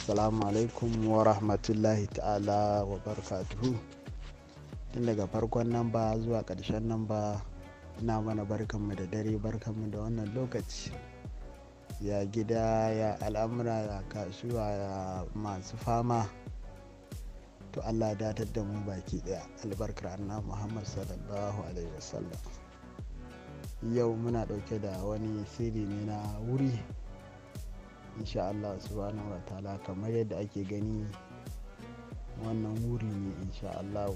assalamu alaikum wa rahmatullahi ta'ala wa barakatuhu tun daga farkon nan ba zuwa ƙarshen nan ba ina mana barkanmu da dare barkanmu da wannan lokaci ya gida ya al'amura ya kasuwa ya masu fama to allah datar da mu baki daya albarkar anna muhammad sallallahu alaihi wasallam yau muna ɗauke da wani sirri ne na wuri insha Allah subhanahu wa ta'ala kamar yadda ake gani wannan wuri ne insha Allah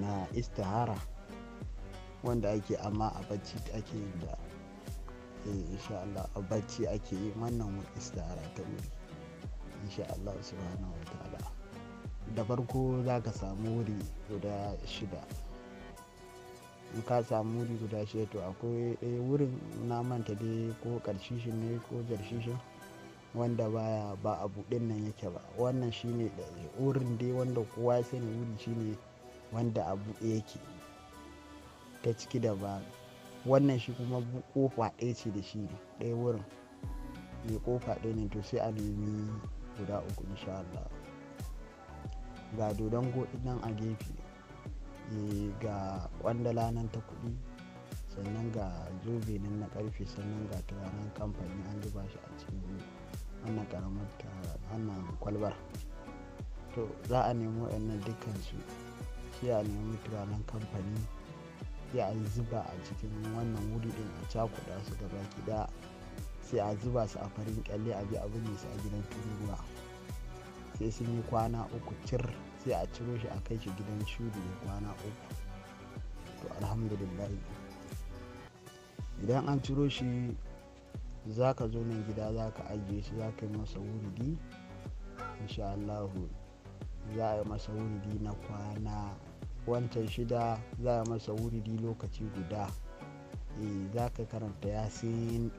na istihara wanda ake amma a bacci ake yi da eh, insha Allah a bacci ake yi wannan istihara ta wuri insha Allah subhanahu wa ta'ala da farko za ka samu wuri guda shida in ka samu wuri guda shi to akwai ɗaya eh, wurin na manta dai ko karshishin ne ko jarshishin wanda baya ba a buɗin nan yake ba wannan shine eh, wurin dai wanda kowa ya sani wuri shine wanda a buɗe yake ta ciki da ba wannan shi kuma kofa ɗaya ce da shi ɗaya wurin mai kofa ɗaya ne to sai a nemi guda uku insha Allah ga dodon goɗi nan a gefe ga kwandala nan ta kudi sannan ga zobe nan na karfe sannan ga turaren kamfani an zuba shi a cikin wannan ta wannan kwalbar to za a nemo waɗannan dukkansu shi a nemi turaren kamfani sai a zuba a cikin wannan wuri ɗin a cakuɗa su gaba gida sai a zuba su a farin kyalle a bi abin binne su a gidan tururuwa sai sun yi kwana uku cir sai a ciro shi a kai shi gidan shudu da kwana uku to alhamdulillah idan an ciro shi za ka zo nan gida za ka ajiye shi za ka yi masa wuridi insha Allah za a yi masa wuridi na kwana wancan shida za a yi masa wuridi lokaci guda eh, za ka karanta yasin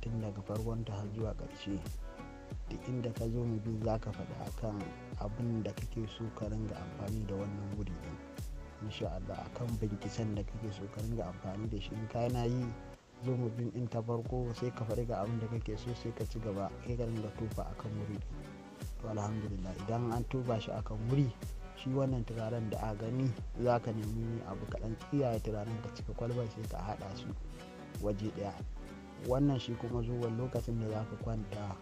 tun daga farkon ta har zuwa ƙarshe duk inda ka zo mu biyu za ka faɗi akan abin da kake so ka ringa amfani da wannan wuri din insha Allah akan binciken da kake so ka ringa amfani da shi in na yi zo mu biyu in ta farko sai ka faɗi ga abin da kake so sai ka ci gaba kai ka ringa tufa akan wuri din to alhamdulillah idan an tuba shi akan wuri shi wannan turaren da a gani za ka nemi abu kaɗan tsiyaye turaren ka cika kwalbar sai ka haɗa su waje ɗaya wannan shi kuma zuwan lokacin da za ka kwanta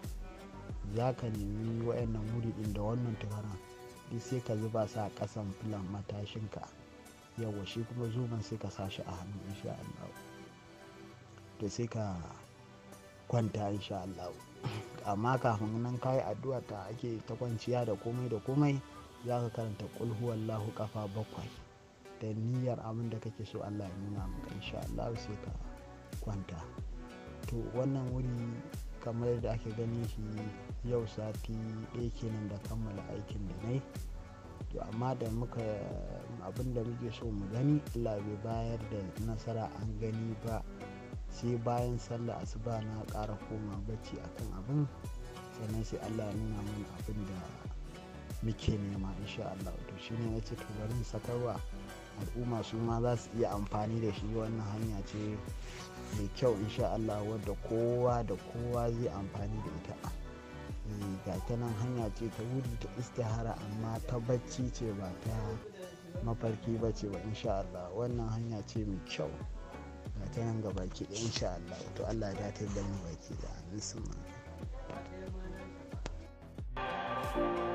za ka nemi wayannan wuri ɗin da wannan tuhara duk sai ka zuba sa a ƙasan filan matashinka yawa shi kuma zuman sai ka sa shi a hannu insha Allah to sai ka kwanta insha Allah amma kafin nan kayi addu'a ta ake ta kwanciya da komai da komai za ka karanta kulhu lahu kafa bakwai da niyyar abin da kake so Allah ya nuna maka insha Allah sai ka kwanta to wannan wuri kamar yadda ake ganin shi yau sati ɗaya kenan da kammala aikin da na to amma da muka abin da muke so mu gani allah bai bayar da nasara an gani ba sai bayan sallah asuba na ƙara koma bacci akan abin sannan sai allah ya nuna mana abin da muke nema insha allah to shine ya to bari sakarwa al'umma su ma za su iya amfani da shi wannan hanya ce mai kyau insha Allah wadda kowa da kowa zai amfani da ita eh, ga ta nan hanya ce ta wuri ta istihara amma ta bacci ce ba ta mafarki ba ce ba insha Allah wannan hanya ce mai kyau ga ta nan gaba ke insha Allah to Allah ya dace da mu baki da amin